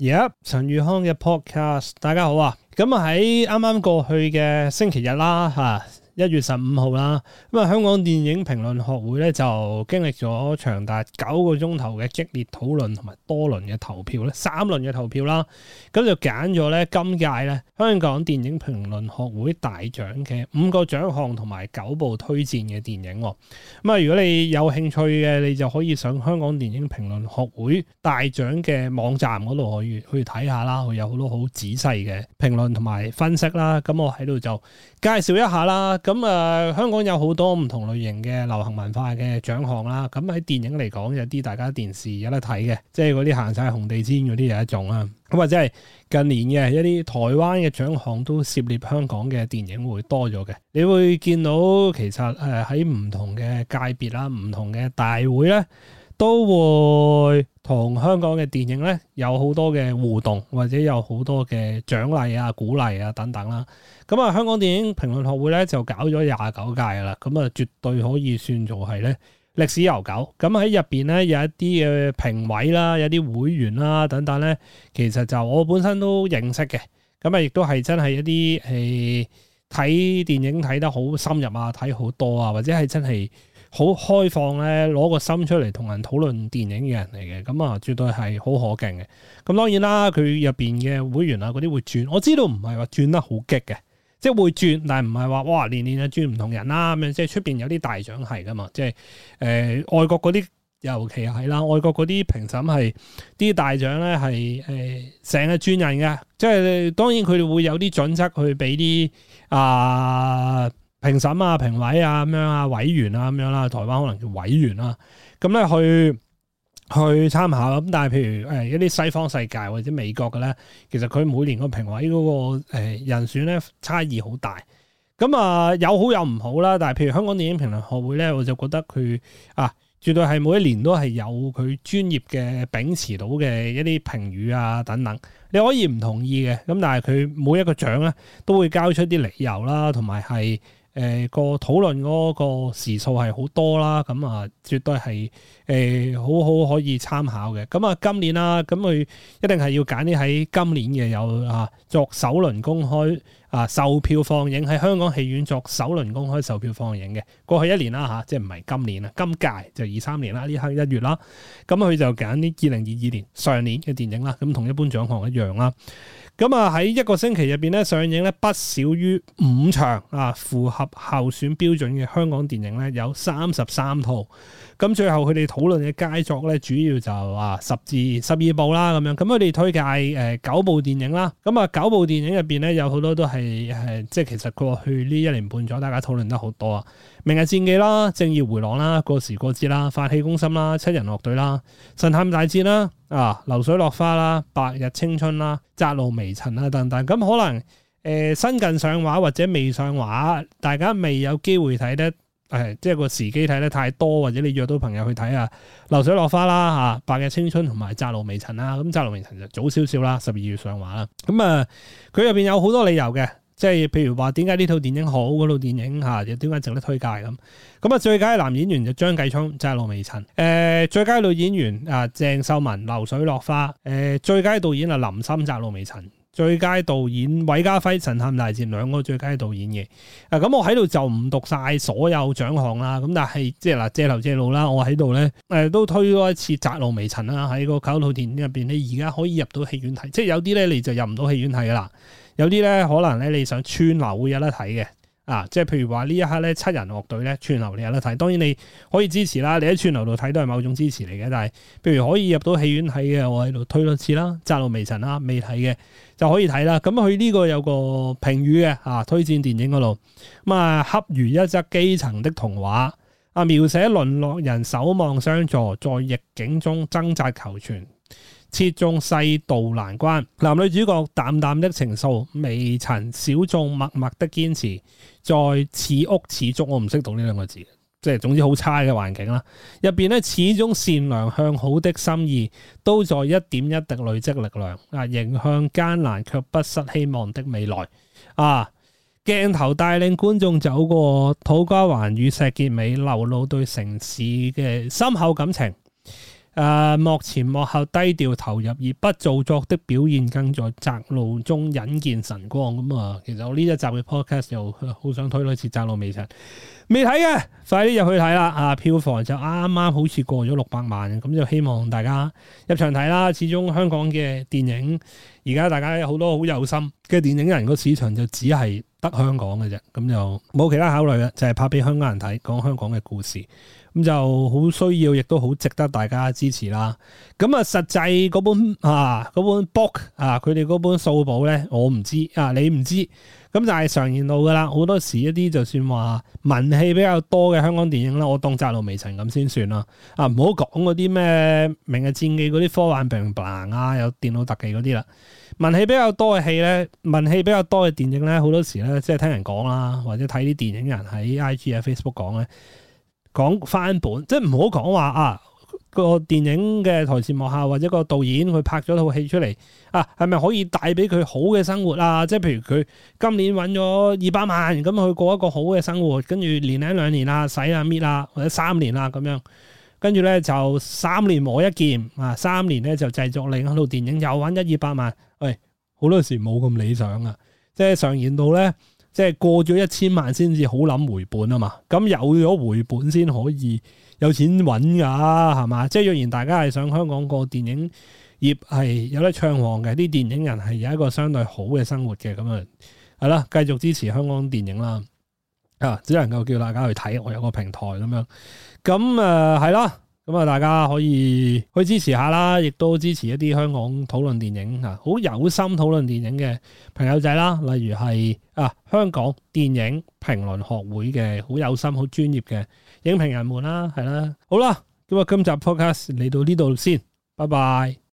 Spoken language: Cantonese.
耶！Yep, 陳裕康嘅 podcast，大家好啊！咁啊喺啱啱過去嘅星期日啦嚇。啊一月十五號啦，咁啊香港電影評論學會咧就經歷咗長達九個鐘頭嘅激烈討論同埋多輪嘅投票咧，三輪嘅投票啦，咁就揀咗咧今屆咧香港電影評論學會大獎嘅五個獎項同埋九部推薦嘅電影。咁啊如果你有興趣嘅，你就可以上香港電影評論學會大獎嘅網站嗰度可以去睇下啦，佢有好多好仔細嘅評論同埋分析啦。咁我喺度就介紹一下啦。咁啊、嗯，香港有好多唔同類型嘅流行文化嘅獎項啦。咁、嗯、喺電影嚟講，有啲大家電視有得睇嘅，即係嗰啲行晒紅地氈嗰啲有一種啦。咁、嗯、或者係近年嘅一啲台灣嘅獎項都涉獵香港嘅電影會多咗嘅。你會見到其實誒喺唔同嘅界別啦，唔同嘅大會咧。都會同香港嘅電影呢，有好多嘅互動，或者有好多嘅獎勵啊、鼓勵啊等等啦。咁、嗯、啊，香港電影評論學會呢，就搞咗廿九屆啦，咁、嗯、啊絕對可以算做係呢歷史悠久。咁喺入邊呢，有一啲嘅評委啦、啊、有啲會員啦、啊、等等呢，其實就我本身都認識嘅。咁、嗯、啊，亦都係真係一啲係睇電影睇得好深入啊，睇好多啊，或者係真係，好開放咧，攞個心出嚟同人討論電影嘅人嚟嘅，咁啊，絕對係好可敬嘅。咁、嗯、當然啦，佢入邊嘅會員啊，嗰啲會轉，我知道唔係話轉得好激嘅，即係會轉，但係唔係話哇年年啊轉唔同人啦、啊、咁樣，即係出邊有啲大獎係㗎嘛，即係誒、呃、外國嗰啲，尤其係啦，外國嗰啲評審係啲大獎咧係誒成日轉人嘅，即係當然佢哋會有啲準則去俾啲啊。呃評審啊、評委啊咁樣啊、委員啊咁樣啦，台灣可能叫委員啦。咁咧去去參考咁，但係譬如誒一啲西方世界或者美國嘅咧，其實佢每年個評委嗰個誒人選咧差異好大。咁啊有好有唔好啦。但係譬如香港電影評論學會咧，我就覺得佢啊絕對係每一年都係有佢專業嘅秉持到嘅一啲評語啊等等。你可以唔同意嘅，咁但係佢每一個獎咧都會交出啲理由啦，同埋係。誒個討論嗰個時數係好多啦，咁啊絕對係誒好好可以參考嘅。咁啊今年啦，咁佢一定係要揀啲喺今年嘅有啊作首輪公開啊售票放映喺香港戲院作首輪公開售票放映嘅，過去一年啦嚇，即係唔係今年啊，今屆就二三年啦，呢刻一月啦，咁佢就揀啲二零二二年上年嘅電影啦，咁同一般獎項一樣啦。咁啊喺一個星期入邊咧上映咧不少於五場啊，符合候選標準嘅香港電影咧有三十三套。咁、啊、最後佢哋討論嘅佳作咧，主要就啊十至十二部啦咁樣。咁佢哋推介誒九部電影啦。咁啊九部電影入邊咧，有好多都係係即係其實過去呢一年半咗，大家討論得好多啊。明日戰記啦，正義迴廊啦，過時過節啦，飯戲攻心啦，七人樂隊啦，神探大戰啦。啊！流水落花啦，白日青春啦，窄路微塵啦，等等。咁、嗯、可能誒、呃、新近上畫或者未上畫，大家未有機會睇得誒、哎，即係個時機睇得太多，或者你約到朋友去睇啊！流水落花啦，嚇、啊，白日青春同埋窄路微塵啦，咁窄路微塵就早少少啦，十二月上畫啦。咁、嗯、啊，佢入邊有好多理由嘅。即係譬如話，點解呢套電影好嗰套電影吓，又點解值得推介咁？咁啊，最佳男演員就張繼聰，就係《窄路微塵》；誒，最佳女演員啊，鄭、呃、秀文，《流水落花》呃；誒，最佳導演啊，林森，《窄路微塵》；最佳導演韋家輝，《神探大戰》兩個最佳導演嘅。咁、呃、我喺度就唔讀晒所有獎項啦。咁但係即係嗱，借頭借路啦，我喺度呢誒、呃，都推咗一次《窄路微塵》啦。喺個九套電影入邊，你而家可以入到戲院睇，即係有啲呢你就入唔到戲院睇噶啦。有啲咧，可能咧你想串流會有得睇嘅，啊，即係譬如話呢一刻咧，七人樂隊咧，串流你有得睇。當然你可以支持啦，你喺串流度睇都係某種支持嚟嘅。但係譬如可以入到戲院睇嘅，我喺度推多次啦，《窄路微塵》啦，未睇嘅就可以睇啦。咁佢呢個有個評語嘅，啊，推薦電影嗰度咁啊，恰如一則基層的童話，啊，描寫淪落人守望相助，在逆境中掙扎求存。切中世道難關，男女主角淡淡的情愫，未曾小眾默默的堅持，在此屋此足，我唔識讀呢兩個字，即係總之好差嘅環境啦。入邊咧，始終善良向好的心意都在一點一滴累積力量，啊，迎向艱難卻不失希望的未來。啊，鏡頭帶領觀眾走過土瓜灣與石硤尾，流露對城市嘅深厚感情。誒、呃，幕前幕後低調投入而不做作的表現，更在窄路中引見神光咁。啊、嗯！其實我呢一集嘅 podcast 又好、呃、想推你次睇《窄路微塵》，未睇嘅快啲入去睇啦！啊，票房就啱啱好似過咗六百萬，咁就希望大家入場睇啦。始終香港嘅電影而家大家好多好有心嘅電影人，個市場就只係得香港嘅啫，咁就冇其他考慮啦。就係、是、拍俾香港人睇，講香港嘅故事。咁就好需要，亦都好值得大家支持啦。咁啊，實際嗰本啊本 book 啊，佢哋嗰本掃簿咧，我唔知啊，你唔知。咁就係常見到噶啦。好多時一啲就算話文戲比較多嘅香港電影啦，我當窄路微塵咁先算啦。啊，唔好講嗰啲咩明日戰記嗰啲科幻病棚啊，有電腦特技嗰啲啦。文戲比較多嘅戲咧，文戲比較多嘅電影咧，好多時咧即係聽人講啦，或者睇啲電影人喺 IG 喺 Facebook 講咧。講翻本，即係唔好講話啊、個電影嘅台前幕後或者個導演佢拍咗套戲出嚟啊係咪可以帶俾佢好嘅生活啊？即係譬如佢今年揾咗二百萬，咁佢過一個好嘅生活，跟住年零兩年啦使下搣啦或者三年啦、啊、咁樣，跟住呢，就三年磨一劍，啊三年呢就製作另一套電影又揾一二百萬，喂、哎、好多時冇咁理想啊！即係上演到呢。即係過咗一千萬先至好諗回本啊嘛，咁有咗回本先可以有錢揾噶，係嘛？即係若然大家係想香港個電影業係有得暢旺嘅，啲電影人係有一個相對好嘅生活嘅，咁啊係啦，繼續支持香港電影啦。啊，只能夠叫大家去睇，我有個平台咁樣，咁誒係啦。呃咁啊，大家可以去支持下啦，亦都支持一啲香港討論電影啊，好有心討論電影嘅朋友仔啦，例如係啊香港電影評論學會嘅好有心、好專業嘅影評人們啦，係啦，好啦，咁啊，今集 podcast 嚟到呢度先，拜拜。